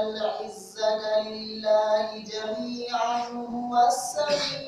العزة لله جميعا هو السميع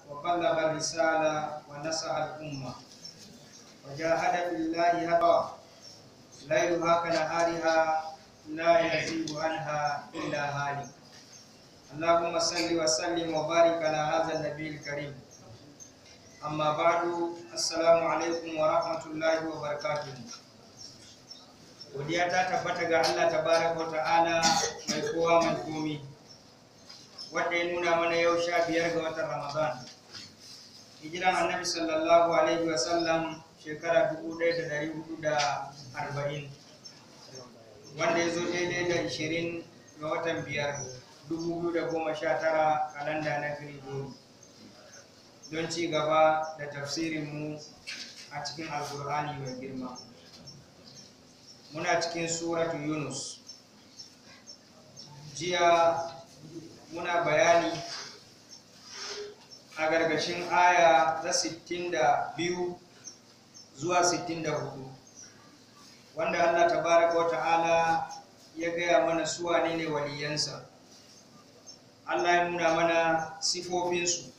وبلغ الرسالة ونصح الأمة وجاهد في الله هدى ليلها كنهارها لا يزيغ عنها إلا هالك اللهم صل وسلم وبارك على هذا النبي الكريم أما بعد السلام عليكم ورحمة الله وبركاته godiya ta tabbata ga Allah tabaraka wa ta'ala mai kowa mai komi mana yau sha biyar ga hijiran annabi sallallahu alaihi wa sallam shekara 1440 wanda ya zo daidai da 20 ga watan biyar 2019 kalanda na Gregory don ci gaba da tafsirinmu a cikin alkur'ani mai girma muna cikin suratu yunus jiya muna bayani a gargashin aya na 62 zuwa 64 wanda Allah tabaraka wa ta'ala ya gaya mana su wanene ne waliyansa Allah ya nuna mana sifofinsu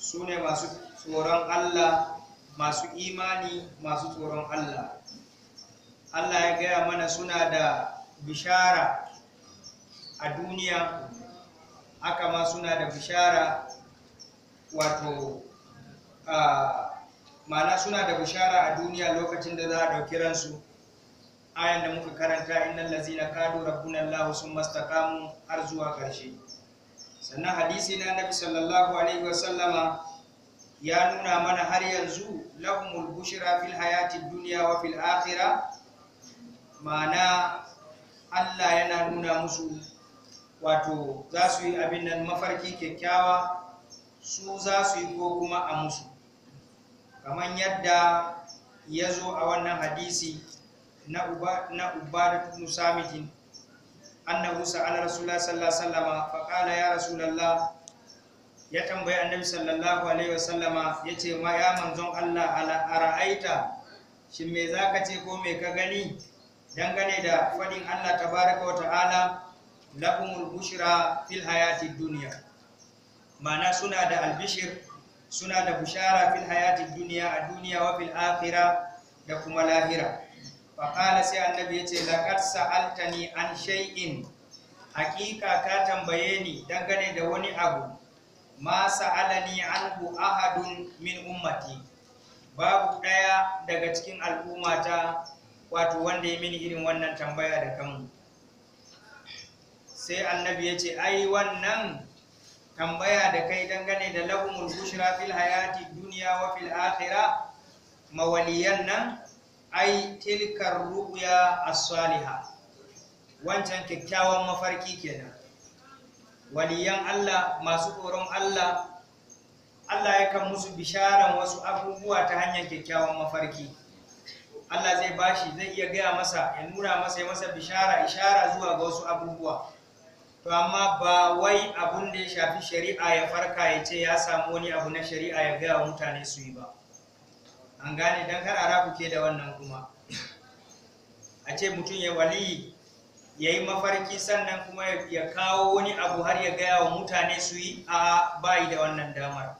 su ne masu tsoron Allah masu imani masu tsoron Allah Allah ya gaya mana suna da bishara a duniya haka ma suna da bishara wato ma'ana suna da bushara a duniya lokacin da za a ɗauki ransu ayan da muka karanta innal lazina kadu rabbuna allah sun mastaqamu har zuwa ƙarshe sannan hadisi na nabi sallallahu alaihi wasallama ya nuna mana har yanzu lahumul bushra fil hayati dunya wa fil akhirah ma'ana Allah yana nuna musu wato za su yi abin nan mafarki kyakkyawa su za su yi ko kuma a musu kamar yadda ya zo a wannan hadisi na ubadatu ibn samitin annahu sa'ala rasulullah sallallahu alaihi wasallam fa qala ya rasulullah ya tambayi annabi sallallahu alaihi ya yace ma ya manzon Allah ala ara'aita shin me zaka ce ko me ka gani dangane da fadin Allah tabaraka wa ta'ala Labun bushra fil hayati dunya ma'ana suna da albishir suna da bushara fil hayati duniya a duniya wa fil akhira da kuma lahira fa qala sai annabi yace laqad sa'altani an shay'in hakika ka tambaye ni dangane da wani abu ma sa'alani anhu ahadun min ummati babu daya daga cikin al'ummata wato wanda ya mini irin wannan tambaya da kanmu sai annabi ya ce ai wannan tambaya da kai dangane da lahumul bushra fil hayati duniya wa fil akhirah mawaliyan nan ai tilkar ru'ya as-saliha wancan kyakkyawan mafarki kenan waliyan Allah masu tsoron Allah Allah kan musu bisharan wasu abubuwa ta hanyar kyakkyawan mafarki Allah zai bashi zai iya gaya masa ya nuna masa ya masa bishara ishara zuwa ga wasu abubuwa to amma ba wai abun da ya shafi shari'a ya farka ya ce ya samu wani abu na shari'a ya gaya wa mutane su yi ba an gane don kar arabu ke da wannan kuma a ce mutum ya wali ya yi mafarki sannan kuma ya kawo wani abu har ya gaya wa mutane su yi a bayi da wannan damar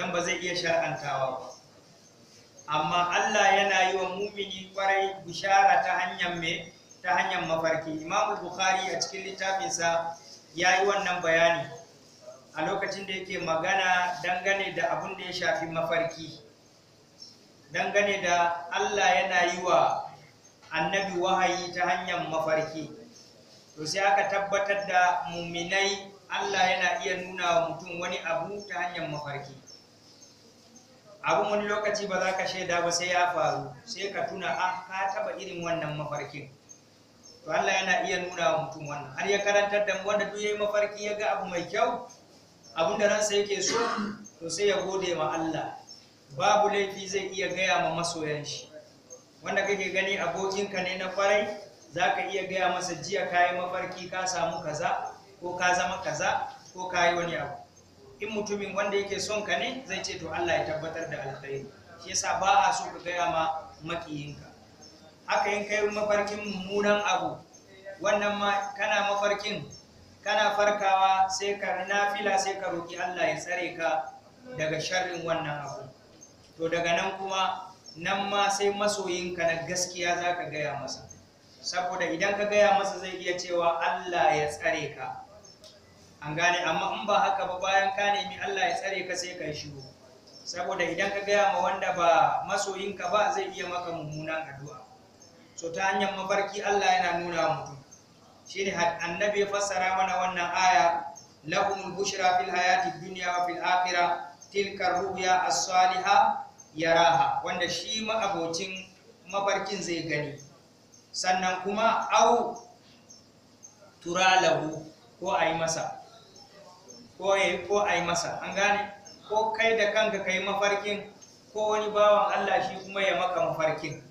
don ba zai iya shar'antawa ba amma allah yana yi wa mumini kwarai bishara ta hanyar mai ta hanyar mafarki imamu bukhari a cikin littafinsa ya yi wannan bayani a lokacin da yake magana dangane da abin da ya shafi mafarki dangane da allah yana yi wa annabi wahayi ta hanyar mafarki to sai aka tabbatar da muminai allah yana iya nuna wa mutum wani abu ta hanyar mafarki abin wani lokaci ba za ka shaida ba sai ya faru sai ka tuna a ah, ka taba irin wannan mafarkin to Allah yana iya nuna wa mutum wannan har ya karantar da wanda duk yayi mafarki ya ga abu mai kyau abun da ransa yake so to sai ya gode ma Allah babu laifi zai iya gaya ma masoyan shi wanda kake gani abokinka ne na kwarai zaka iya gaya masa jiya yi mafarki ka samu kaza ko ka zama kaza ko kayi wani abu in mutumin wanda yake son ka ne zai ce to Allah ya tabbatar da alkhairi shi yasa ba a so ka gaya ma makiyinka Aka yin kai mafarkin mummunan abu wannan ma kana mafarkin kana farkawa sai ka nafila sai ka roki Allah ya tsare ka daga sharrin wannan abu to daga nan kuma nan ma sai masoyinka na gaskiya za ka gaya masa saboda idan ka gaya masa zai iya cewa Allah ya tsare ka an gane amma in ba haka ba bayan ka nemi Allah ya tsare ka sai ka shigo, saboda idan ka gaya ma wanda ba masoyinka ba zai iya maka mummunan addu'a so ta hanyar mafarki Allah yana nuna mutum shi ne annabi ya fassara mana wannan aya lahumul bushra fil hayati dunya wa fil akhirah tilka ruya as-saliha yaraha wanda shi ma abocin mafarkin zai gani sannan kuma au turalahu ko ayi masa ko ko ayi masa an gane ko kai da kanka kai mafarkin ko wani bawan Allah shi kuma ya maka mafarkin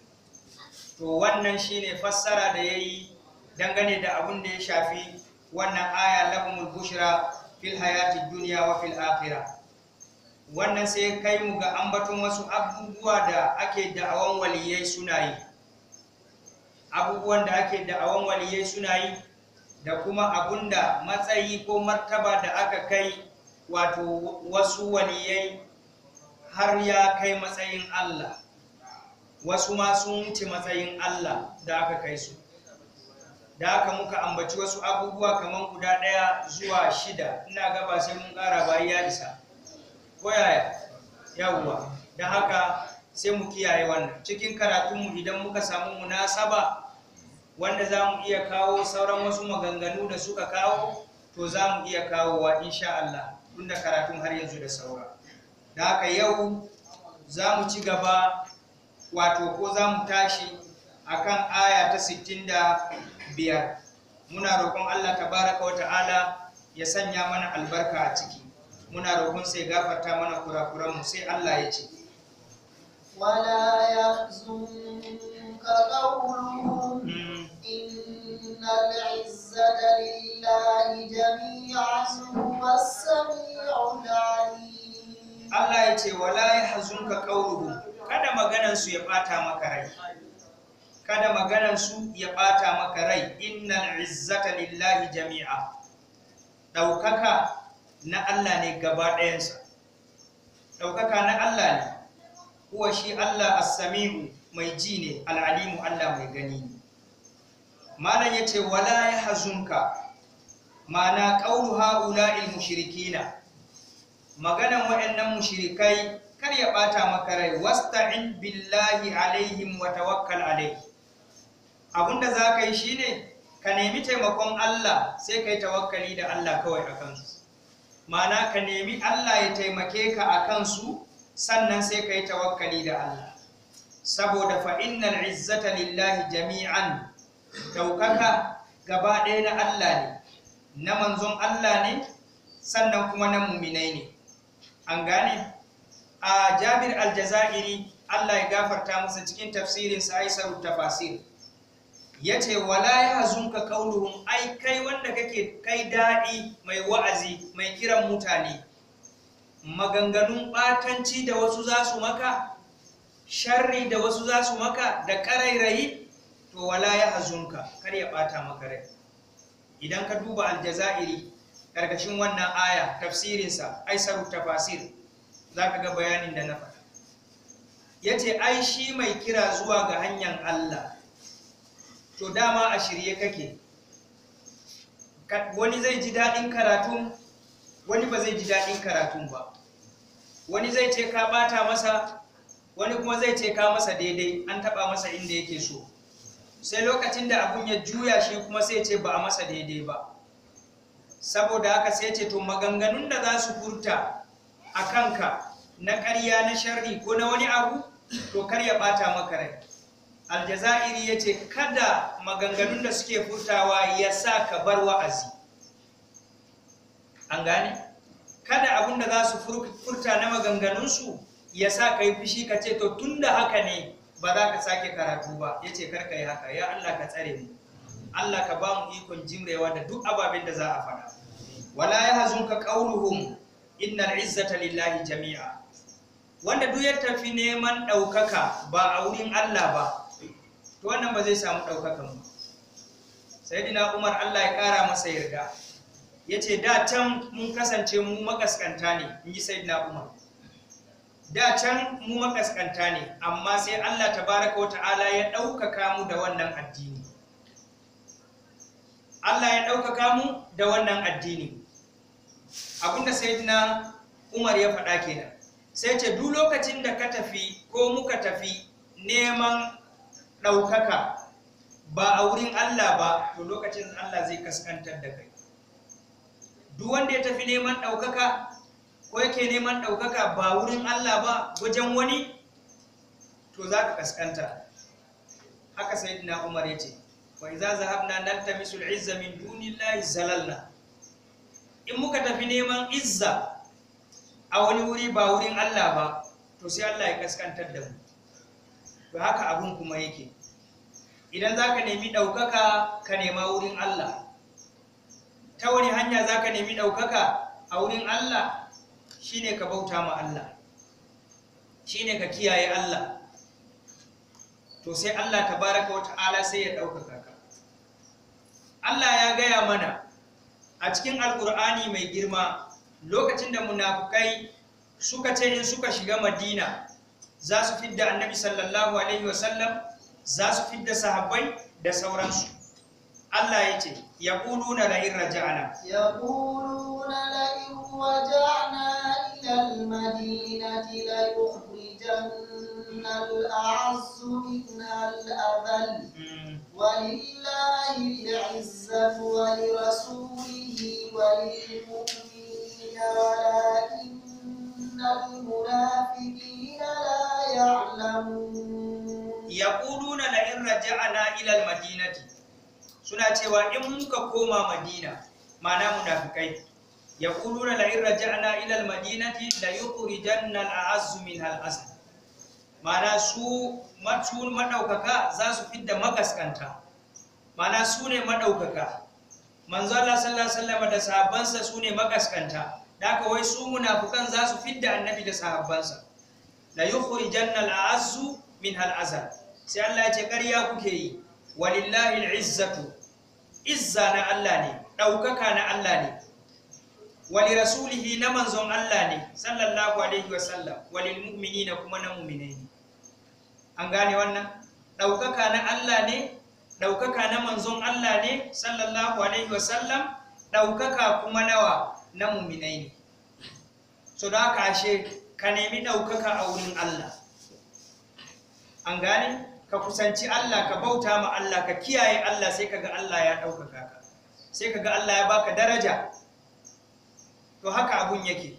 to wannan shine fassara da yayi dangane da abun da ya shafi wannan aya lahumul bushra fil hayati dunya wa fil akhirah wannan sai kai mu ga ambaton wasu abubuwa da ake da'awan waliyai suna yi abubuwan da ake da'awan waliyai suna yi da kuma abunda matsayi ko martaba da aka kai wato wasu waliyai har ya kai matsayin Allah wasu ma sun wuce matsayin Allah da aka kai su da aka muka ambaci wasu abubuwa kamar guda ɗaya zuwa shida ina gaba sai mun ƙara bayi ya isa ko yaya yawwa da haka sai mu kiyaye wannan cikin karatunmu idan muka samu munasaba wanda za mu iya kawo sauran wasu maganganu da suka kawo to za mu iya kawowa insha Allah tunda karatun har yanzu da saura da haka yau za mu ci gaba wato ko za mu tashi kan aya ta sittin da biyar? muna roƙon Allah tabaraka wa ta'ala ya sanya mana albarka a ciki muna roƙon sai gafarta mana mu sai Allah ya ce ولا يحزنك قولهم إن العزة لله جميعا هو السميع العليم Allah ya ce wala hazunka qawluhum kada maganansu ya bata maka rai kada maganansu ya ɓata maka rai innal izzata lillahi jami'a daukaka na Allah ne gaba ɗayansa daukaka na Allah ne kuwa shi Allah as-sami'u mai ji ne al'alimu Allah mai gani ne malam yace wala yahzunka ma'ana qawlu ha'ula'il mushrikina maganan waɗannan mushrikai kar ya bata maka rai wasta'in billahi alaihim wa tawakkal alaihi da za ka yi shine ka nemi taimakon Allah sai ka yi tawakkali da Allah kawai a kansu ma'ana ka nemi Allah ya taimake ka a su sannan sai ka tawakkali da Allah saboda fa innal izzata lillahi jami'an daukaka gaba ɗaya na Allah ne na manzon Allah ne sannan kuma na muminai ne an gane a jabir aljazairi allah ya gafarta masa cikin tafsirin sa'isar tafasir ya ce wala ya hazunka kauluhum ai kai wanda kake kai daɗi mai wa'azi mai kiran mutane maganganun ɓatanci da wasu za su maka sharri da wasu za su maka da karairayi to wala ya hazunka kar ya ɓata maka rai idan ka duba aljazairi karkashin wannan aya tafsirinsa aisaru tafasir za ka ga bayanin da na faɗa ya ce ai shi mai kira zuwa ga hanyar Allah to dama a shirye kake wani zai ji daɗin karatun wani ba zai ji daɗin karatun ba wani zai ce ka ɓata masa wani kuma zai ce ka masa daidai an taɓa masa inda yake so sai lokacin da abun ya juya shi kuma sai ce ba a masa daidai ba saboda haka sai ce to maganganun da za su furta a kanka na karya, na sharri ko na wani abu to kar ya ɓata maka rai aljazairi ya ce kada maganganun da suke furtawa ya sa ka bar wa'azi an gane kada abun da za su furta na maganganunsu ya sa ka yi fushi ka ce to tun da haka ne ba za ka sake karatu ba ya ce karka yi haka ya allah ka tsare mu Allah ka ba mu ikon jimrewa da duk ababen da za a faɗa wala ya hazunka qawluhum innal izzata lillahi jami'a wanda duk ya tafi neman ɗaukaka ba a wurin Allah ba to wannan ba zai samu ɗaukakan ba sayyidina Umar Allah ya ƙara masa yarda yace da can mun kasance mu makaskanta ne in ji sayyidina Umar da can mu makaskanta ne amma sai Allah tabaraka wa ta'ala ya ɗaukaka mu da wannan addini Allah ya ɗaukaka mu da wannan addini abinda sayyidina Umar ya faɗa kenan sai ce duk lokacin da ka tafi ko muka tafi neman ɗaukaka ba a wurin Allah ba to lokacin Allah zai kaskantar da kai duk wanda ya tafi neman ɗaukaka ko yake neman ɗaukaka ba wurin Allah ba wajen wani to za ka kaskanta haka sai Umar ya ce wa idza zahabna naltamisul izza min dunillahi zalalna in muka tafi neman izza a wani wuri ba wurin Allah ba to sai Allah ya kaskantar da mu to haka abun kuma yake idan za nemi ɗaukaka ka nema wurin Allah ta wani hanya zaka nemi ɗaukaka a wurin Allah shine ka bauta ma Allah shine ka kiyaye Allah to sai Allah tabaraka wa ta'ala sai ya ɗaukaka Allah ya gaya mana a cikin alkur'ani mai girma lokacin da munafukai suka ce in suka shiga madina za su fidda annabi sallallahu alaihi wasallam za su fidda sahabbai da sauransu Allah ya ce ya ƙuluna la'in raja'ana ya la'in raja'ana ilal madinati la yukhrijanna منها الأعز منها الأذل ولله العزة ولرسوله وللمؤمنين ولكن المنافقين لا يعلمون يقولون لئن رجعنا إلى المدينة suna cewa in muka koma madina ma'ana munafikai yaquluna la in raja'na ila madinati la yukhrijanna al-a'azzu minha al mana su matun madaukaka za su fidda magaskanta mana su ne madaukaka manzo Allah sallallahu alaihi wasallam da sahabbansa su ne magaskanta daka wai su munafukan za su fidda annabi da sahabbansa la yukhrijanna al-azzu min al sai Allah ya ce ƙarya kuke yi walillahi al-izzatu izza na Allah ne daukaka na Allah ne wali rasulihi na manzon Allah ne sallallahu alaihi wasallam walil mu'minina kuma na mu'minai an gane wannan ɗaukaka na Allah ne ɗaukaka na manzon Allah ne sallallahu alaihi wa sallam. ɗaukaka kuma nawa na muminai ne so da haka ashe ka nemi ɗaukaka a wurin Allah an gane ka kusanci Allah ka bauta ma Allah ka kiyaye Allah sai kaga Allah ya ɗaukaka sai kaga Allah ya baka daraja to haka abun yake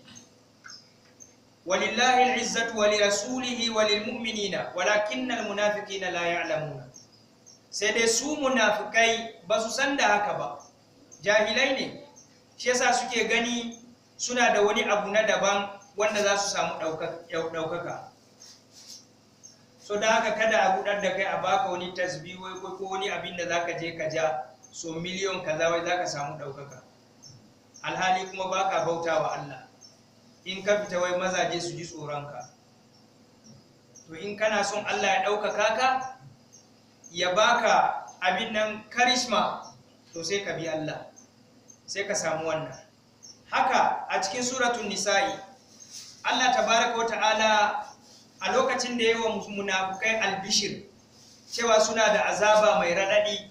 ولله العزة ولرسوله وللمؤمنين ولكن المنافقين لا يعلمون sai dai su munafikai ba su san da haka ba jahilai ne shi yasa suke gani suna da wani abu na daban wanda za su samu ɗaukaka so da haka kada a gudar da kai a baka wani tasbi wai ko wani abin da za ka je ka ja so miliyon kaza wai za ka samu ɗaukaka alhali kuma baka bauta wa Allah in ka fita wai mazaje su ji tsoronka to in kana son Allah ya ɗaukaka ka ya baka abin nan karisma to sai ka bi Allah sai ka samu wannan haka a cikin suratun nisa'i Allah tabaraka wata'ala a lokacin da yawa munafukai albishir cewa suna da azaba mai raɗaɗi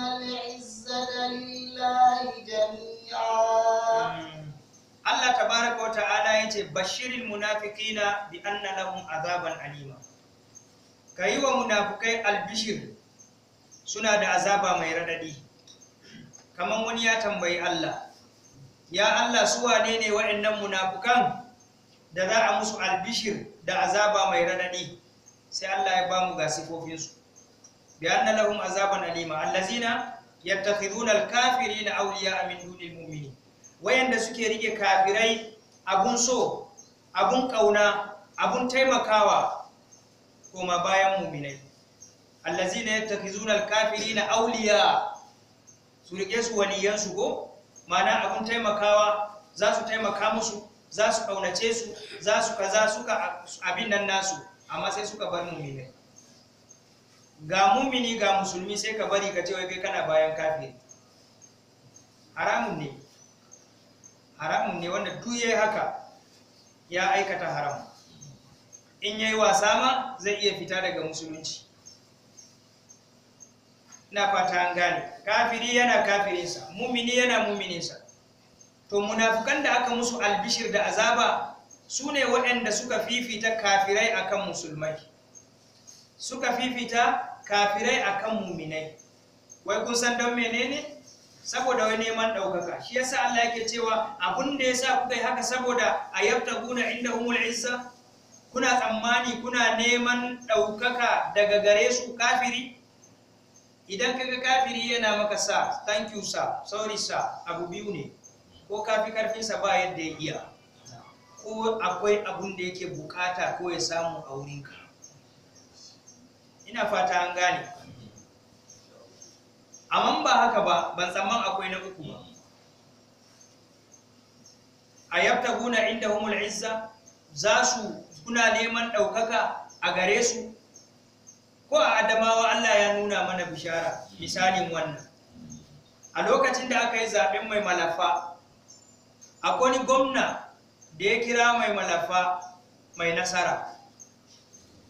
Allah ta wa ta'ala yace bashirin munafikina bi anna lahum azaban alima yi wa munafukai albishir suna da azaba mai raɗaɗi. Kamar wani ya tambayi Allah ya Allah su wa ne waɗannan munafukan da za a musu albishir da azaba mai raɗaɗi? sai Allah ya ba mu ga sifofinsu بأن لهم عذابا azaban alima يتخذون الكافرين أولياء من دون المؤمنين وين wayanda suke rike kafirai abun so abun kauna abun taimakawa bayan mu'minai allazina yattakhizuna alkafirina awliya su rike su waliyan su go mana abun taimakawa za su taimaka musu za su kaunace su za su kaza suka abin nan nasu amma sai suka bar mu'minai ga mumini ga musulmi sai ka bari ka ce wai kai kana bayan kafiri haramun ne haramun ne wanda duk yayi haka ya aikata haram in yayi wasa ma zai iya fita daga musulunci ina fata an gane kafiri yana kafirinsa mumini yana mumininsa to munafukan da aka musu albishir da azaba su ne waɗanda suka fifita kafirai akan musulmai suka fifita kafirai akan muminai wai kun san don menene saboda wai neman ɗaukaka shi yasa Allah yake cewa abun da ya sa kuka yi haka saboda a kuna inda umul izza kuna tsammani kuna neman ɗaukaka daga gare su kafiri idan kaga kafiri yana maka sa thank you sir sorry sir abu biyu ne ko kafi sa ba yadda ya iya ko akwai abun da yake bukata ko ya samu a wurinka ina fata an gane amma ba haka ba ban tsamman akwai na uku ba a guna inda humul izza za su kuna neman ɗaukaka a gare su ko a adamawa Allah ya nuna mana bishara misalin wannan a lokacin da aka yi zaɓen mai malafa akwai gwamna da ya kira mai malafa mai nasara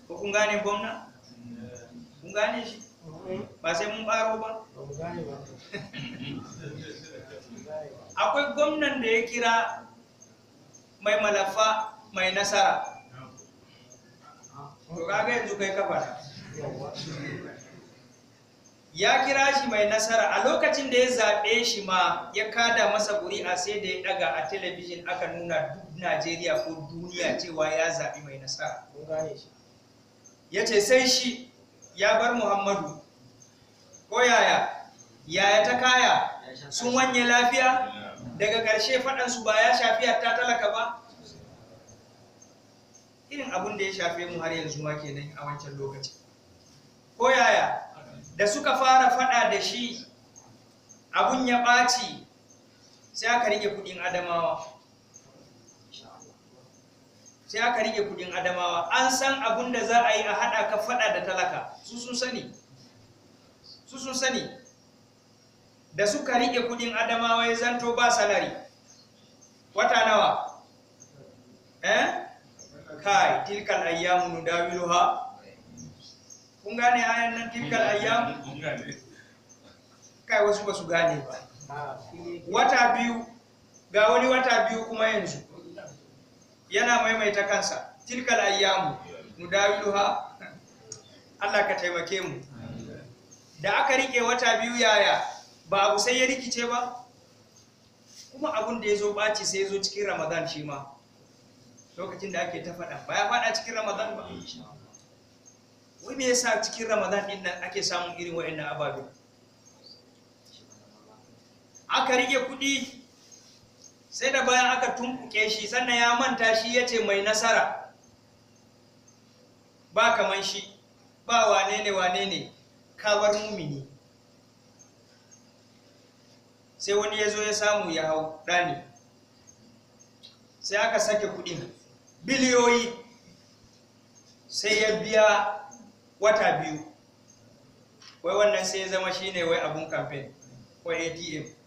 ko kun gane gwamna Mun gane shi ba sai mun baro ba akwai gwamnan da ya kira mai malafa mai nasara yanzu kai kafa ya kira shi mai nasara a lokacin da ya zaɓe shi ma ya kada masa ƙuri'a sai da ya ɗaga a telebijin aka nuna duk najeriya ko duniya cewa ya zaɓi mai nasara ya ce sai shi ya bar muhammadu ko yaya yaya ta kaya sun wanye lafiya daga ƙarshe faɗansu ba ya shafi ta talaka ba irin abin da ya shafe mu har yanzu ma kenan a wancan lokaci. ko yaya da suka fara faɗa da shi abun ya ɓaci sai aka rike kuɗin adamawa sai aka rike kudin adamawa an san abun da za a yi a hada ka fada da talaka su sun sani su sun sani da suka rike kudin adamawa ya zanto ba salari wata nawa eh kai tilkal ayyamu nudawiluha kun gane ayan nan tilkal ayyam kai wasu ba su gane ba wata biyu ga wani wata biyu kuma yanzu yana maimaita kansa tilkal ayyamu mudawiluha Allah ka taimake mu da aka rike wata biyu yaya ba abu sai ya rikice ba kuma abun da ya zo sai ya zo cikin ramadan shi ma lokacin da ake ta faɗa ba ya faɗa cikin ramadan ba wai me yasa cikin ramadan din nan ake samun irin wa'annan ababe aka rike kuɗi sai da bayan aka tumbuke shi sannan ya manta shi ya ce mai nasara ba kaman shi ba wane ne wane ne kawar mumini sai wani ya zo ya samu ya hau ɗani sai aka sake kuɗin biliyoyi sai ya biya wata biyu wai wannan sai ya zama shine wai abun kamfen wai atm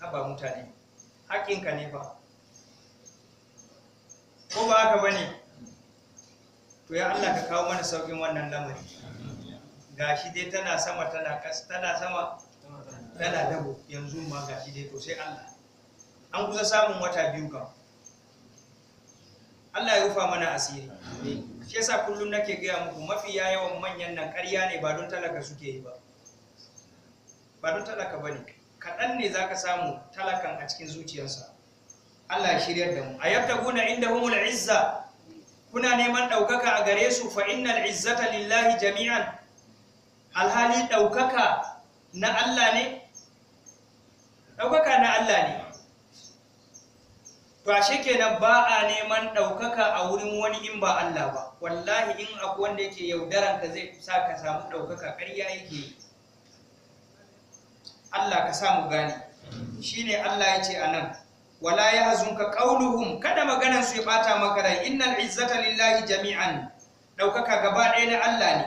haba mutane Hakinka ne fa ko ba haka ba ne to ya Allah ka kawo mana saukin wannan lamari gashi dai tana sama tana kas tana sama tana dabo yanzu ma gashi dai to sai Allah an kusa samun wata biyu ka. Allah ya rufa mana asiri shi yasa kullum nake gaya muku mafiya yawan manyan nan ƙarya ne ba don talaka suke yi ba ba don talaka bane kaɗan ne za ka samu talakan a cikin zuciyarsa Allah ya shiryar da mu a inda humul izza kuna neman ɗaukaka a gare su fa innal izzata lillahi jami'an alhali ɗaukaka na Allah ne ɗaukaka na Allah ne to ashe kenan ba a neman ɗaukaka a wurin wani in ba Allah ba wallahi in akwai wanda yake yaudaran ka zai sa ka samu ɗaukaka ƙarya yake yi Allah ka samu shine Allah yace anan wala yahzunka qawluhum kada maganan su ya bata maka rai innal izzata lillahi jami'an daukaka gaba ɗaya na Allah ne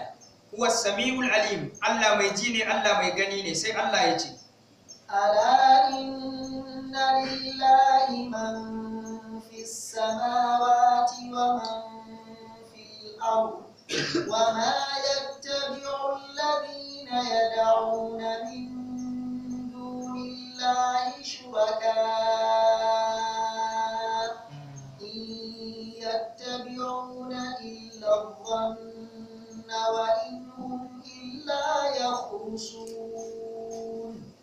huwa samiul alim Allah mai ji ne Allah mai gani ne sai Allah yace. ce ala inna lillahi man fis samawati wa man fil ardh وما يتبع الذين يدعون من الله شركاء إن يتبعون إلا الظن وإن هم إلا يخرصون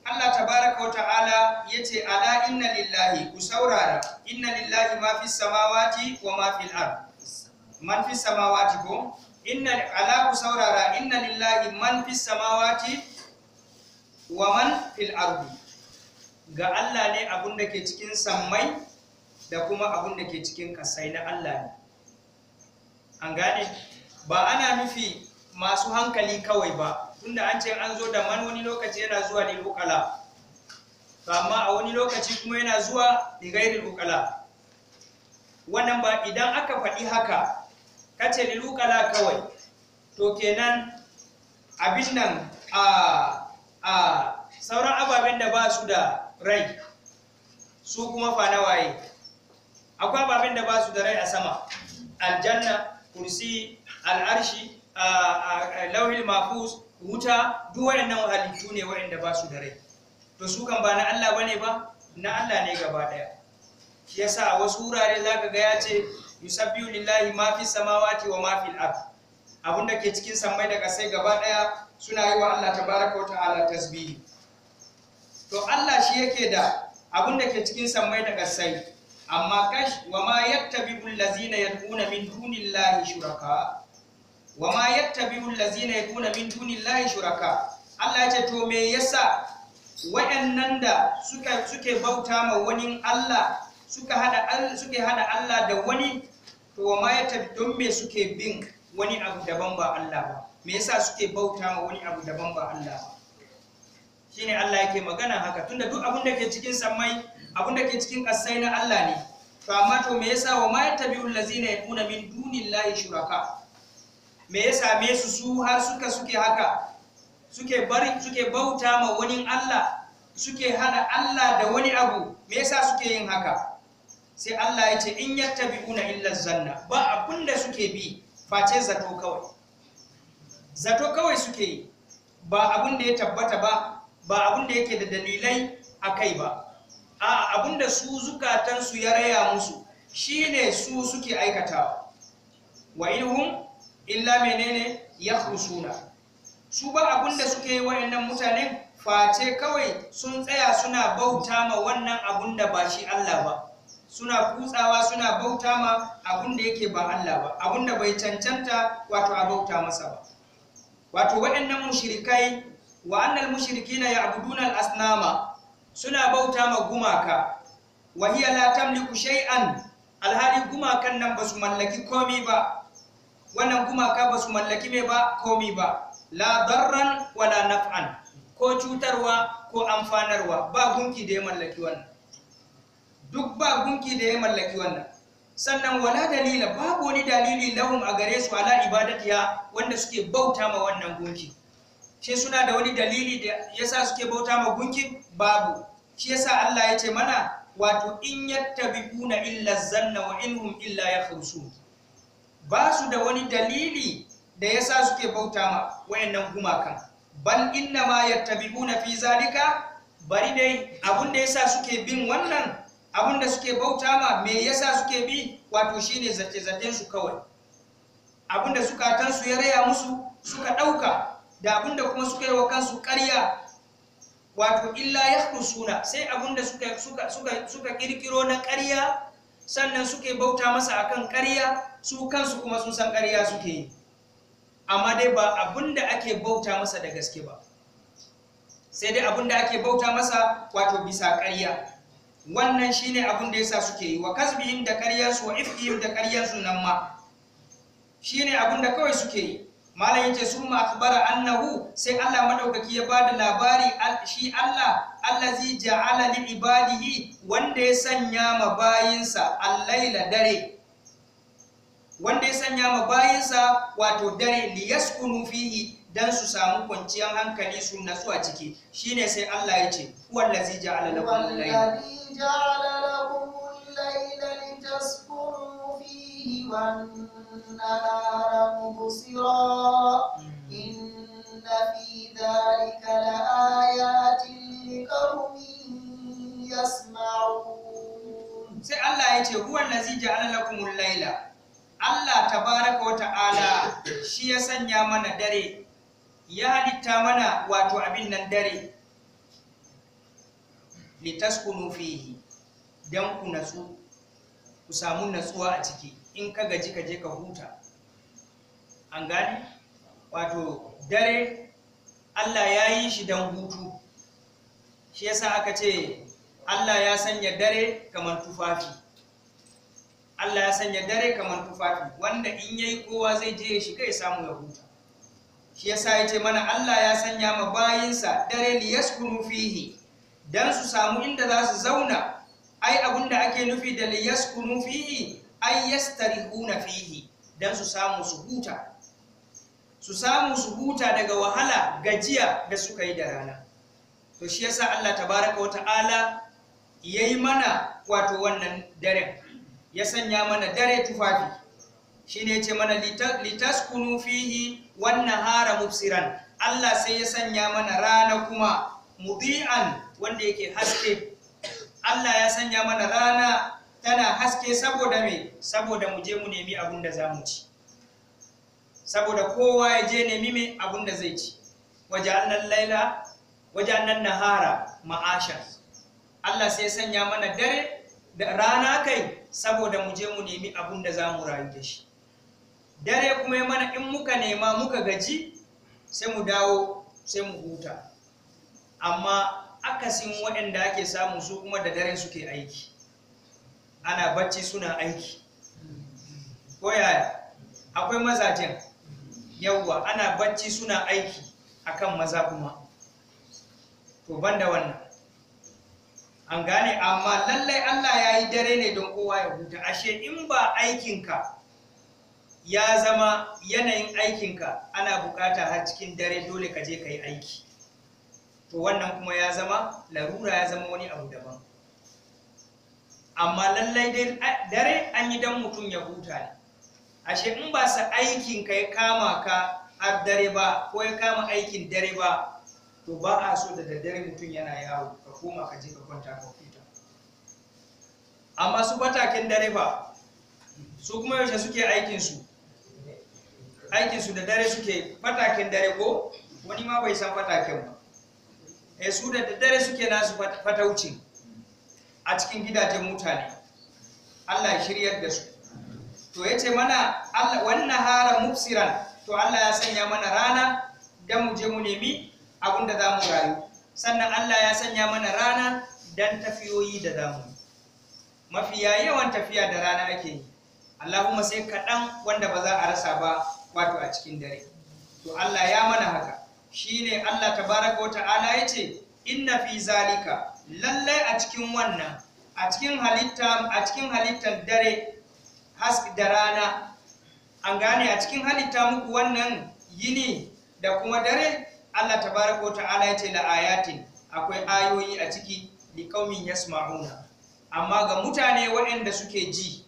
Allah tabaraka wa ta'ala ya ce ala inna lillahi ku saurara inna lillahi ma fi samawati wa ma fil ard man fi samawati ko inna ala ku saurara inna lillahi man fi samawati wa man fil ardi ga Allah ne abun da ke cikin sammai da kuma abun da ke cikin kasai na Allah ne an gane ba ana nufi masu hankali kawai ba tunda an ce an zo da man wani lokaci yana zuwa ne ukala to amma a wani lokaci kuma yana zuwa da gairin wannan ba idan aka faɗi haka kace lil ukala kawai to kenan abin nan a sauran ababen da ba su da rai su kuma fa na waye akwai ababen da ba su da rai a sama aljanna kursi al'arshi lauhil mafus wuta duk waɗannan halittu ne waɗanda ba su da rai to su kan ba na Allah bane ba na Allah ne gaba daya shi yasa a wasu wurare zaka ga ya ce yusabbihu lillahi ma fi samawati wa ma fil ard abunda ke cikin sammai da kasai gaba daya suna yi wa Allah tabaraka wa ta'ala tasbih to Allah shi yake da abin da ke cikin sammai da ƙasai amma kash wa ma yattabi'ul ladzina yad'una min dunillahi shuraka wa ma yattabi'ul ladzina yad'una min dunillahi shuraka Allah ya ce to me yasa waɗannan da suka suke bauta ma wani Allah suka hada suke hada Allah da wani to wa ma yattabi don me suke bin wani abu daban ba Allah ba me yasa suke bauta ma wani abu daban ba Allah ba shine Allah yake magana haka tunda duk abin da ke cikin samai, abin da ke cikin kasai na Allah ne to amma to me yasa wa ma yatabi'ul ladzina yad'una min dunillahi shuraka me yasa me su su har suka suke haka suke bari suke bauta ma wani Allah suke hada Allah da wani abu me yasa suke yin haka sai Allah ya ce in yattabi'una illa zanna ba abun da suke bi face zato kawai zato kawai suke yi ba abun da ya tabbata ba ba abin yake da dalilai a kai ba a abin da su zukatansu ya raya musu shi ne su suke aikatawa wa inhum illa menene kusuna? su ba abin suke yi wayannan mutanen face kawai sun tsaya suna bauta ma wannan abun da ba shi Allah ba suna kutsawa suna bauta ma abinda yake ba Allah ba abun da bai cancanta wato a bauta masa ba wato waɗannan mushrikai wa annal mushrikina ya'buduna al-asnama suna bauta ma gumaka wa hiya la tamliku shay'an alhali gumakan nan ba su mallaki komi ba wannan gumaka ba su mallaki me ba komi ba la darran wala naf'an ko cutarwa ko amfanarwa ba gunki da ya mallaki wannan duk ba gunki da ya mallaki wannan sannan wala dalila babu wani dalili lahum a gare su ala ibadatiya wanda suke bauta ma wannan gunki shi suna da wani dalili da yasa suke bauta ma gunkin babu shi yasa Allah ya ce mana wato in yattabiquna illa zanna wa inhum illa yakhrusun ba su da wani dalili da yasa suke bauta ma wayannan gumakan bal inna ma yattabiquna fi zalika bari dai abun da yasa suke bin wannan abun da suke bauta ma me yasa suke bi wato shine zace zaten su kawai abun da suka tansu ya raya musu suka dauka da abinda kuma suka yi wa kansu ƙarya wato illa ya suna sai abinda suka ƙirƙiro na ƙarya sannan suke bauta masa akan ƙarya su kansu kuma sun san ƙarya suke yi amma dai ba abinda ake bauta masa da gaske ba sai dai abinda ake bauta masa wato bisa ƙarya wannan shine abin da yasa suke yi wa kasbihim da ƙaryarsu wa ifkihim da ƙaryarsu nan ma shine abinda kawai suke yi malam yace summa akhbara annahu sai Allah madaukaki ya bada labari shi Allah allazi ja'ala li ibadihi wanda ya sanya ma bayinsa al-laila dare wanda ya sanya ma bayinsa wato dare li yaskunu fihi dan su samu kwanciyar hankali su nasu a ciki shine sai Allah yace wallazi ja'ala lakum al-laila ja'ala lakum al-laila litaskunu fihi wan النهار مبصرا إن في ذلك لآيات لقوم يسمعون سي Allah tabaraka wa ta'ala shi ya sanya mana dare ya halitta mana wato abin nan dare litaskunu fihi dan ku ku samu natsuwa a ciki in ka gaji ka je ka huta an gane wato dare Allah ya yi shi don hutu shi yasa aka ce Allah ya sanya dare kamar tufafi Allah ya sanya dare kamar tufafi wanda in ya yi kowa zai je ya shiga ya samu ya huta shi yasa ya ce mana Allah ya sanya ma bayinsa dare li fihi dan su samu inda za su zauna ai abinda ake nufi da li ay yastarihuna fihi dan su samu su huta su samu su huta daga wahala gajiya da suka yi da rana to shi yasa Allah tabaraka wa ta'ala yayi mana wato wannan dare ya sanya mana dare tufafi shi ne yace mana litaskunu fihi wan nahara mubsiran Allah sai ya sanya mana rana kuma mudi'an wanda yake haske Allah ya sanya mana rana tana haske saboda me saboda mu je mu nemi abun da zamu ci saboda kowa ya je nemi me abun da zai ci waje'annan laila waje'annan nahara ma'asha Allah sai sanya mana dare da rana kai saboda mu je mu nemi abun da zamu rayu da shi dare kuma mana in muka nema muka gaji sai mu dawo sai mu huta amma akasin waɗanda ake samu su kuma da dare suke aiki ana bacci suna aiki ko yaya akwai mazajen yawwa ana bacci suna aiki akan maza kuma to banda wannan an gane amma lallai Allah ya yi dare ne don kowa ya huta ashe in ba aikinka ya zama yanayin aikinka ana bukata har cikin dare dole ka je ka yi aiki to wannan kuma ya zama larura ya zama wani abu daban amma lallai dai dare an yi dan mutum ya huta ne ashe in ba sa aikin ka ya kama ka har dare ba ko ya kama aikin dare ba to ba a so da daddare mutum yana yawo ka koma ka je ka kwanta ka huta amma su batakin dare ba su kuma yaushe suke aikin su aikin su da dare suke fatakin dare ko wani ma bai san fatakin ba eh su da daddare suke nasu fataucin a cikin gidajen mutane Allah ya shiryar da su to ya ce mana Allah wannan hara mufsiran to Allah ya sanya mana rana don mu je mu nemi abin da za mu rayu sannan Allah ya sanya mana rana don tafiyoyi da za mu mafiya yawan tafiya da rana ake yi Allahumma sai kaɗan wanda ba za a rasa ba wato a cikin dare to Allah ya mana haka shine Allah tabaraka wa ta'ala ya ce inna fi zalika lallai a cikin wannan a cikin halitta a cikin dare haske da rana an gane a cikin halitta muku wannan yini da kuma dare Allah tabaraka ta'ala yace la la'ayatin, akwai ayoyi a ciki liqaumin yasma'una amma ga mutane waɗanda suke ji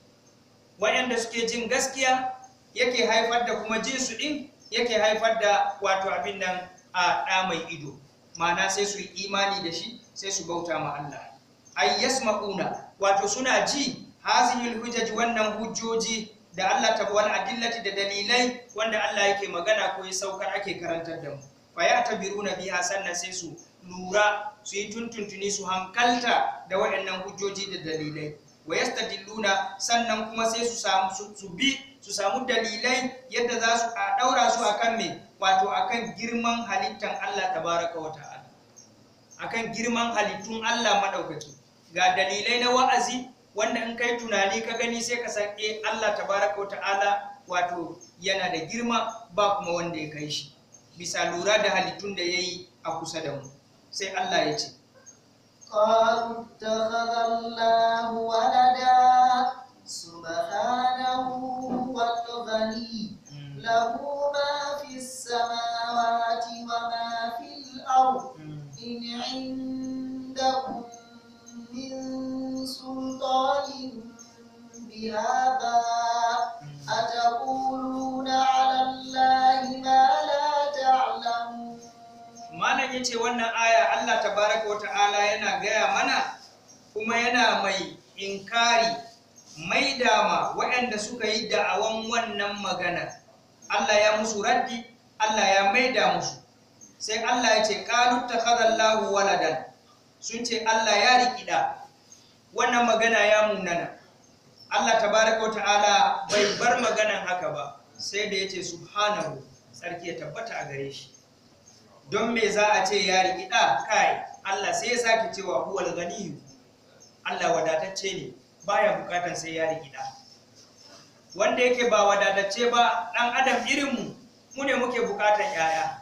waɗanda suke jin gaskiya yake haifar da kuma jin su din yake haifar da wato abin nan a ɗa mai ido ma'ana sai su yi imani da shi sai su bauta ma Allah ay yasma'una wato suna ji hazihi alhujaj wannan hujjoji da Allah ta wal adillati da dalilai wanda Allah yake magana ko ya saukar ake karantar da mu fa ya tabiruna biha sannan sai su lura su yi tuntuntuni su hankalta da waɗannan hujjoji da dalilai wa yastadilluna sannan kuma sai su samu su bi su samu dalilai yadda za su a daura su akan me wato akan girman halittan Allah tabaraka wa ta'ala akan girman halittun Allah maɗaukaki ga dalilai na wa'azi wanda in kai tunani ka gani sai ka san eh Allah tabaraka ta'ala wato yana da girma ba kuma wanda ya kai shi bisa lura da halittun da yayi a kusa da mu sai Allah ya ce قالوا اتخذ الله ولدا سبحانه والغني له ما في عندهم من سلطان بهذا أتقولون على الله ما لا تعلمون malam ya ce wannan aya Allah tabaraka wa ta'ala yana gaya mana kuma yana mai inkari mai dama waɗanda suka yi da'awan wannan magana Allah ya musu raddi Allah ya maida musu sai Allah ya ce ta takhadallahu waladan sun ce Allah ya riki wannan magana ya munana Allah tabaraka wa ta'ala bai bar maganan haka ba sai da yace subhanahu sarki ya tabbata a gare shi don me za a ce ya riki da kai Allah sai ya sake cewa huwal ghaniyu Allah wadatacce ne baya bukatan sai ya riki da wanda yake ba wadatacce ba dan adam irin mu mu ne muke bukatan yaya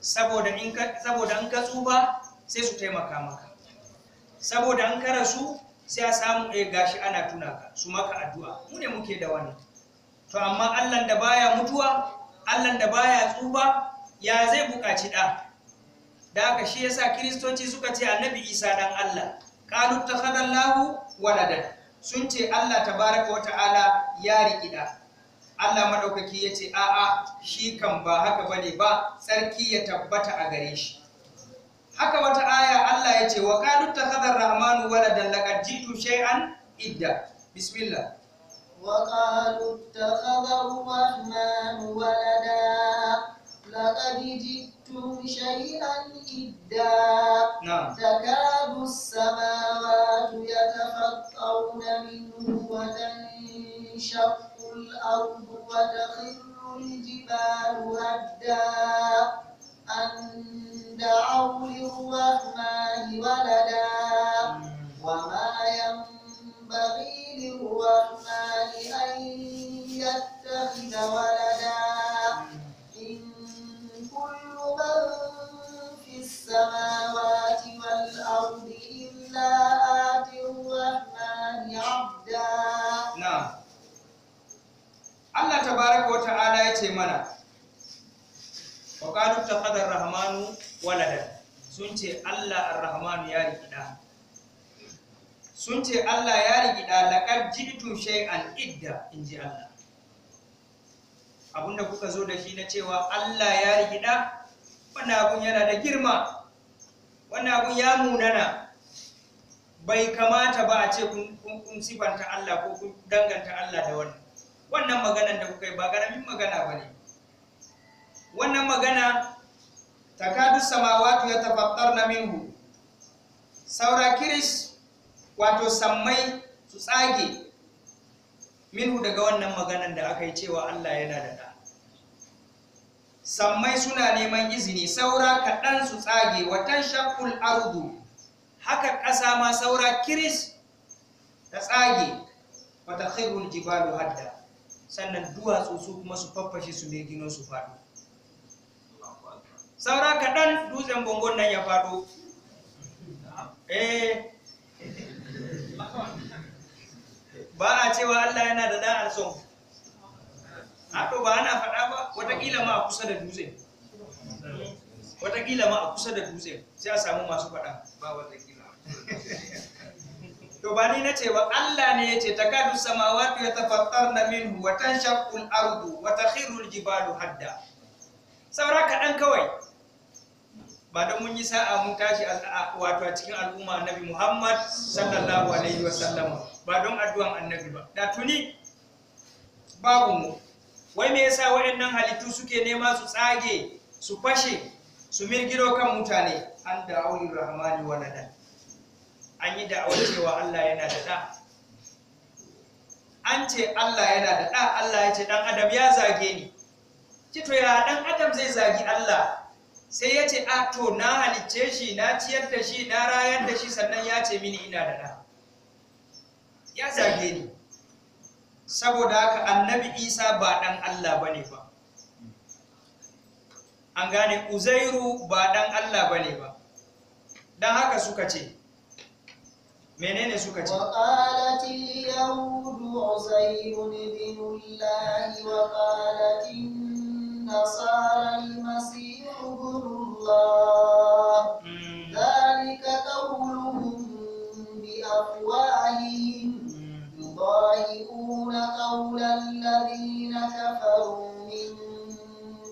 saboda in ka tsufa sai su taimaka maka saboda an ka rasu sai a samu eh gashi ana tuna ka su maka addu'a mu ne muke da wani.' to amma Allah da baya mutuwa Allah da baya tsufa ya zai buƙaci ɗa? da aka shi yasa kiristoci suka ce annabi Isa dan Allah qalu takhadallahu waladan sun ce Allah tabaraka wata'ala ya riƙi da Allah madaukaki ya ce a'a shi kan ba haka ba ne ba sarki ya tabbata a gare shi haka wata aya Allah ya ce wa qalu takhadha ar-rahmanu waladan laqad jitu shay'an idda bismillah hadar Rahmanu wala ولدا لقد جئتم شيئا إدا نعم تكاد السماوات يتفطرن منه وتنشق الأرض وتخر الجبال هدا أن دعوا للرحمن ولدا وما ينبغي للرحمن أن يتخذ ولدا إن كل من في السماوات والأرض إلا آتي الرحمن عبدا ce mana wa ta takhadar rahmanu walada sun ce Allah ar-rahmanu ya rigida sun ce Allah ya rigida jiritu shai an idda ji Allah abinda kuka zo da shi na cewa Allah ya rigida wannan abin yana da girma wannan abin ya munana bai kamata ba a ce kun sifanta Allah ko kun danganta Allah da wannan wannan maganan da kuka yi ba ƙaramin magana ba ne wannan magana ta takadu samawatu ya tafattar na minhu saura kiris wato sammai su tsage minhu daga wannan maganan da aka yi cewa allah yana da ɗa sammai suna neman izini saura kaɗan su tsage watan shakul ardu haka ƙasa ma saura kiris ta tsage wata khairul jibalu hadda sannan duwatsu su kuma su faffashe su mai gino su faɗo saura kaɗan dutsen bongon nan ya faɗo eh. ba a cewa Allah yana da ɗan alson haɗo ba ana faɗa ba watakila ma a kusa da dutse watakila ma a kusa da dutse sai a samu masu faɗa ba watakila to ba ni na ce ba Allah ne ya ce takadu samawati yatafattarna minhu wa watan shakul ardu wa ta khirul jibalu hadda saura kaɗan kawai ba don mun yi sa'a mun tashi wato a cikin al'umma annabi Muhammad sallallahu alaihi wa sallama ba don addu'an annabi ba da tuni babu mu wai me yasa waɗannan halittu suke nema su tsage su fashe su mirgiro kan mutane an ni rahmani waladan an yi da'awar cewa Allah yana da ɗa an ce Allah yana da ɗa Allah ya ce ɗan adam ya zage ni ki to ya ɗan adam zai zagi Allah sai ya ce a to na halicce shi na ciyar da shi na rayar da shi sannan ya ce mini ina da ɗa ya zage ni saboda haka annabi isa ba ɗan Allah ba ne ba an gane uzairu ba ɗan Allah ba ne ba don haka suka ce منين suka وقالت اليهود عزير بن الله وقالت النصارى المسيح ابن الله ذلك قولهم بأفواههم يضاهئون قول الذين كفروا من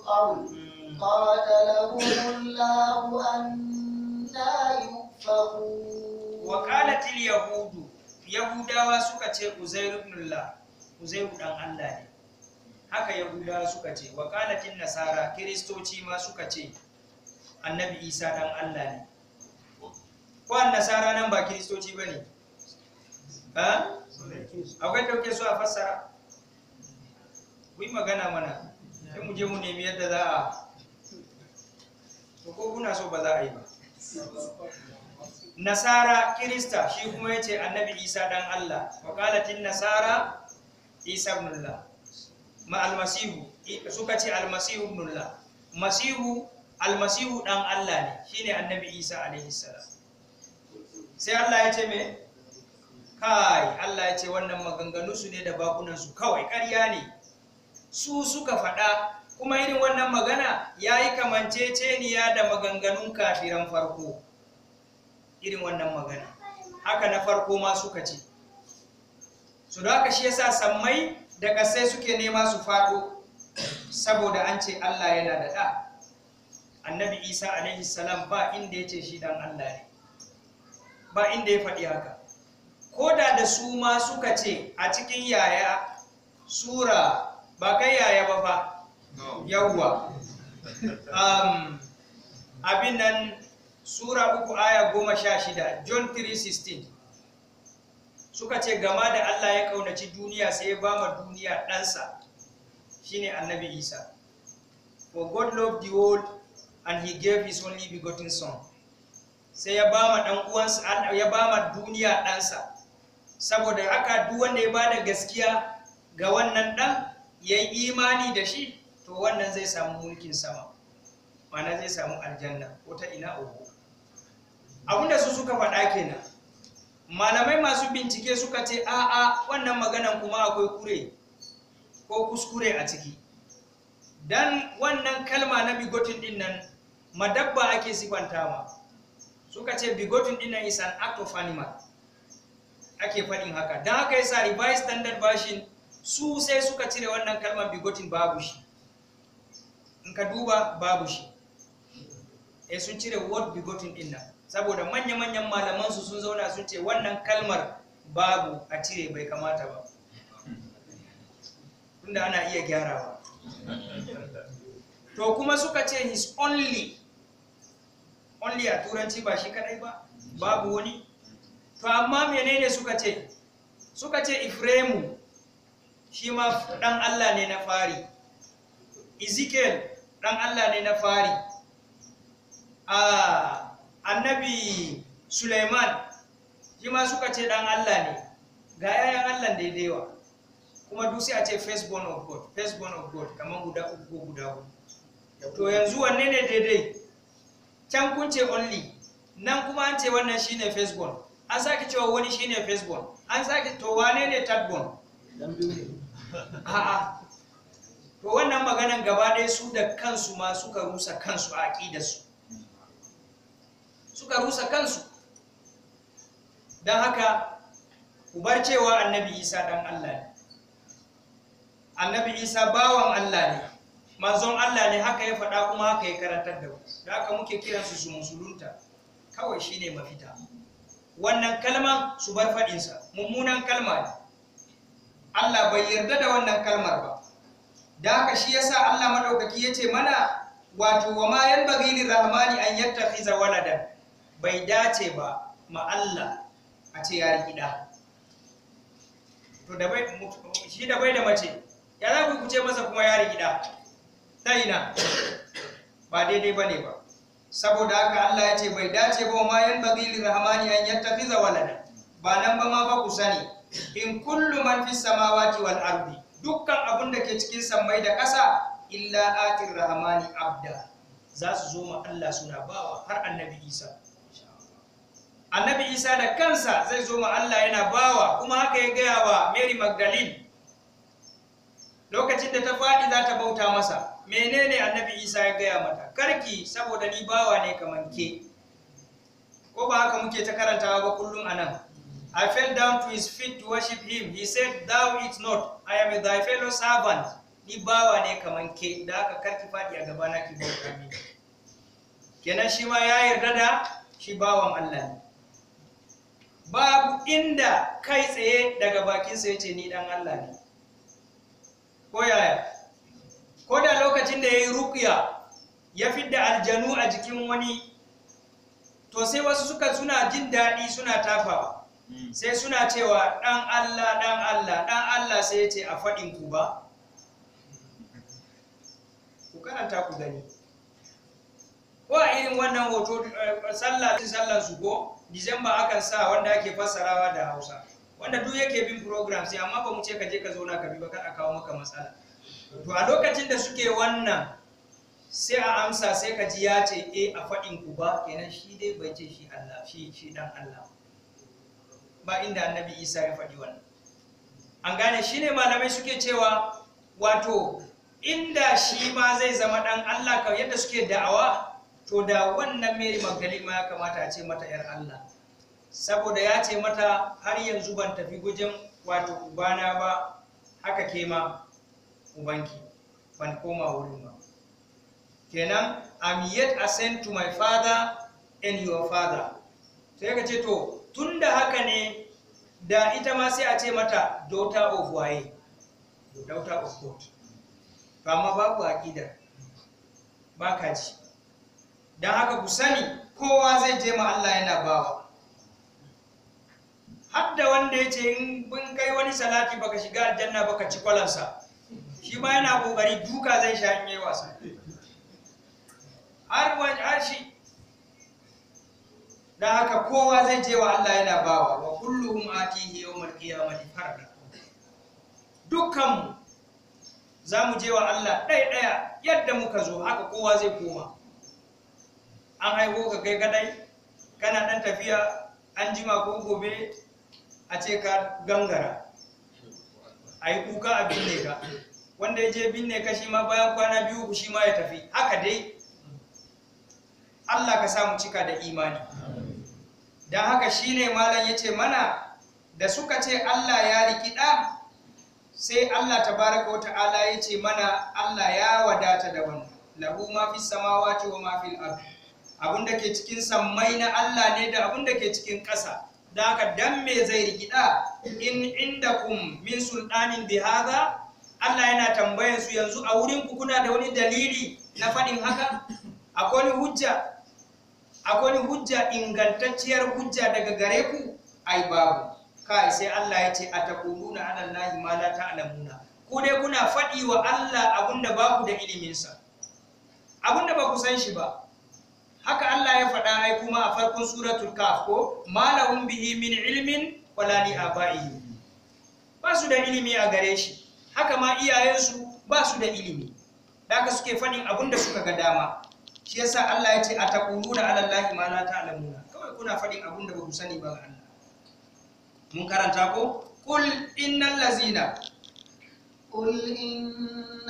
قبل قاتلهم الله أنا يؤفكون wa qalatil yahudu yahudawa suka ce uzair Allah uzair dan Allah ne haka yahudawa suka ce wa qalatil nasara kristoci ma suka ce annabi isa dan Allah ne ko nasara nan ba kristoci bane ha akwai dauke su a fassara ku yi magana mana sai mu je mu nemi yadda za a ko kuna so ba za a yi ba nasara kirista shi kuma yace annabi isa dan allah wa tin nasara isa ibnullah ma almasihu suka ce almasihu ibnullah masihu almasihu dan allah ne shine annabi isa alaihi salam sai allah yace me kai allah yace wannan maganganu su ne da bakunan su kawai ƙarya ne su suka faɗa kuma irin wannan magana ya yi kamanceceniya da maganganun kafiran farko irin wannan magana haka na farko ma suka ce su da haka shi yasa sammai da ƙasai suke nema su faɗo saboda an ce Allah yana da ɗa annabi isa alaihi salam ba inda ya ce shi dan Allah ne ba inda ya faɗi haka ko da da su ma suka ce a cikin yaya sura ba kai yaya ba fa yawwa um, abin nan sura uku aya goma sha shida john 3:16 suka ce gama da allah ya kaunaci duniya sai ya ba ma duniya ɗansa shine annabi isa for god loved the world and he gave his only begotten son sai ya ba ma ɗan uwansa ya ba ma duniya ɗansa saboda haka duk wanda ya bada gaskiya ga wannan ɗan ya yi imani da shi to wannan zai samu mulkin sama Mana zai samu aljanna ko ta ina uku abinda su suka faɗa kenan malamai masu bincike suka ce a'a wannan maganan kuma akwai kure ko kuskure a ciki dan wannan kalma na bigotin din nan madabba ake sifanta ma suka ce bigotin din nan is an act of animal ake faɗin haka don haka yasa revised standard version su sai suka cire wannan kalmar bigotin babu shi in ka duba babu shi eh sun cire word bigotin din saboda manya-manyan malaman su sun zauna sun ce wannan kalmar babu a cire bai kamata ba tunda ana iya gyarawa to kuma suka ce his only only a turanci ba shi kadai ba babu wani to amma menene suka ce suka ce ifremu shi ma dan Allah ne na fari ezekiel dan Allah ne na fari ah annabi Suleiman shi ma suka ce dan Allah ne ga yayan Allah da yawa kuma duk sai a ce first born of God first born of God kamar guda uku guda uku to yanzu wanne ne daidai can kun ce only nan kuma an ce wannan shine first born an sake cewa wani shine first born an sake to wane ne third born a'a to wannan maganan gaba ɗaya su da kansu ma suka rusa kansu a aƙidarsu suka rusa kansu don haka ku bar cewa annabi isa dan allah ne annabi isa bawan allah ne manzon allah ne haka ya faɗa kuma haka ya karantar da ku da haka muke kiransu su musulunta kawai shine mafita wannan kalman su bar faɗinsa mummunan kalma ne allah bai yarda da wannan kalmar ba da haka shi yasa allah maɗaukaki ya ce mana wato wa ma yan bagili rahmani an yattakhidha walada bai dace ba ma Allah a ce ya to da bai shi da bai da mace ya za ku kuce masa kuma ya gida. ta ina ba daidai bane ba saboda haka Allah ya ce bai dace ba ma yan bagili rahmani an yattafiza walada ba nan ba ma fa ku sani in kullu man fis samawati wal ardi dukkan abun da ke cikin sammai da ƙasa illa atir rahmani abda za su zo ma Allah suna bawa har annabi Isa annabi isa da kansa zai zo ma Allah yana bawa kuma haka ya gaya wa Mary Magdalene lokacin da ta faɗi za ta bauta masa menene annabi isa ya gaya mata karki saboda ni bawa ne kamar ke ko ba haka muke ta karantawa ba kullum anan I fell down to his feet to worship him. He said, Thou it not, I am thy fellow servant. Ni bawa ne kaman ke, da haka karki faɗi a gabana ki bauta mini. Kenan shi ma ya yarda da shi bawan Allah ne. babu inda kai tsaye daga bakinsa ya ce ni dan Allah ne ko yaya ko da lokacin da ya yi rukiya ya fidda aljanu a jikin wani to sai wasu suka suna jin daɗi suna tafawa hmm. sai suna cewa dan Allah dan Allah dan Allah sai ya ce a faɗin ku ba ku karanta ku gani ko a irin wannan hoto eh, sallah sallar su ko December akan sa wanda ake fassarawa da hausa wanda duk yake bin program sai amma ba mu ce ka je ka zauna ka bi ba kar a kawo maka matsala to a lokacin da suke wannan sai a amsa sai ka ji ya ce eh a faɗin ku ba kenan shi dai bai ce shi Allah shi shi dan Allah ba inda annabi Isa ya faɗi wannan an gane shi malamai suke cewa wato inda shi ma zai zama dan Allah kawai yadda suke da'awa to da wannan Mary Magdalene ya kamata a ce mata ‘yar Allah saboda ya ce mata har yanzu ban tafi gujin wato ubana ba haka ke ma ubanki ban koma wurin ba kenan I'm yet ascend to my father and your father sai ka ce to tun da haka ne da ita ma sai a ce mata daughter of waye daughter of God to amma babu aƙidar. ba ka ji don haka ku sani kowa zai je ma Allah yana bawa Har da wanda ya ce in bin kai wani salati baka shiga aljanna baka ci kwalansa shi ma yana kokari duka zai sha in yi wasa har wani arshi da haka kowa zai je wa Allah yana bawa wa kulluhum atihi yawmal qiyamati farda dukkan mu za mu je wa Allah ɗaya ɗaya yadda muka zo haka kowa zai koma an haiko ka kai kadai kana dan tafiya an jima ko gobe a ce ka gangara a yi kuka a binne ka wanda ya je binne ka shi ma bayan kwana biyu shi ma ya tafi haka dai Allah ka samu cika da imani don haka shine malam ya ce mana da suka ce Allah ya rikida sai Allah tabaraka wa ta'ala ya ce mana Allah ya wadata da wannan lahu ma fi samawati wa ma fil abun da ke cikin sammai na Allah ne da abun da ke cikin ƙasa da aka dan me zai rigida in indakum min sultanin bi Allah yana tambayan su yanzu a wurin ku kuna da wani dalili na faɗin haka akwai hujja akwai hujja ingantacciyar hujja daga gare ku ai babu kai sai Allah ya ce ataquluna ala allahi ma la ta'lamuna ku dai kuna faɗi wa Allah abunda ku da iliminsa abunda ba ku san shi ba haka Allah ya faɗa ai kuma a farkon suratul kaf ko malahum bihi min ilmin wala li abaihi ba su da ilimi a gare shi haka ma iyayensu ba su da ilimi daga suke faɗin abin da suka ga dama shi yasa Allah ya ce a taquluna ala allahi ma la ta'lamuna kawai kuna faɗin abin da ba ku sani ba ga Allah mun karanta ko qul innal ladzina قل إن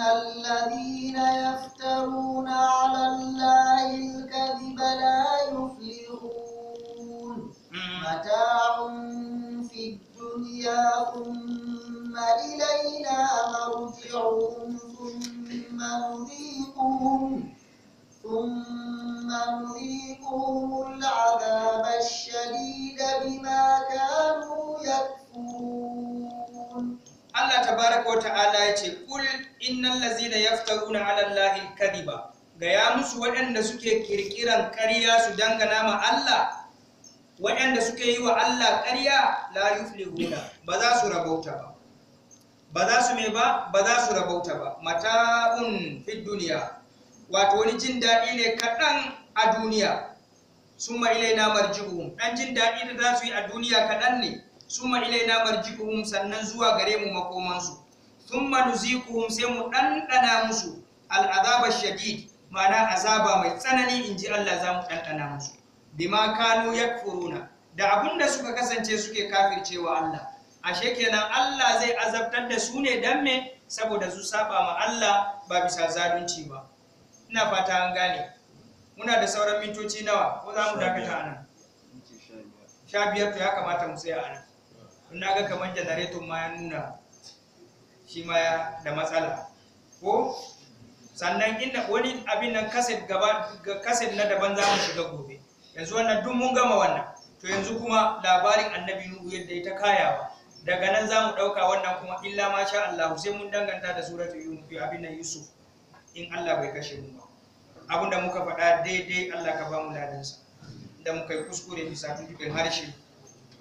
الذين يفترون على الله الكذب لا يفلحون متاع في الدنيا ثم إلينا مرجعهم ثم نذيقهم ثم نذيقهم العذاب الشديد بما كانوا يكفرون Allah tabaraka wata'ala ya ce kul innal ladzina yaftaruna 'ala allahi kadiba gaya musu waɗanda suke kirkiran ƙarya su dangana ma Allah waɗanda suke yi wa Allah ƙarya la yuflihuna ba za su rabauta ba ba za su me ba ba za su rabauta ba mata'un fid duniya wato wani jin daɗi ne kaɗan a duniya summa ilaina marji'uhum ɗan jin daɗi da za su yi a duniya kaɗan ne summa ilaina marji'uhum sannan zuwa gare mu makomansu thumma nuziquhum sai mu ɗanɗana musu al'azaba shadid ma'ana azaba mai tsanani inji Allah za mu ɗanɗana musu bima kanu yakfuruna da abun da suka kasance suke kafircewa Allah ashe kenan Allah zai azabtar da su ne dan me saboda su saba ma Allah ba bisa zalunci ba ina fata an gane muna da sauran mintoci nawa ko za mu dakata anan sha biyar to ya kamata mu tsaya anan na ga kamar janareton ma ya nuna shi ma ya da matsala ko sannan inda wani abin nan kaset gaba kaset na daban za mu shiga gobe yanzu wannan duk mun gama wannan to yanzu kuma labarin annabi nuhu yadda ita kayawa daga nan za mu ɗauka wannan kuma illa ma sha Allah sai mun danganta da suratul yunus abin nan yusuf in Allah bai kashe mu ba abin da muka faɗa daidai Allah ka ba mu ladansa da muka yi kuskure bisa tuttuɓin harshe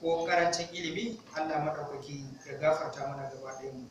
ko karancin ilimi Allah maɗaukaki ya gafarta mana gaba ɗaya mu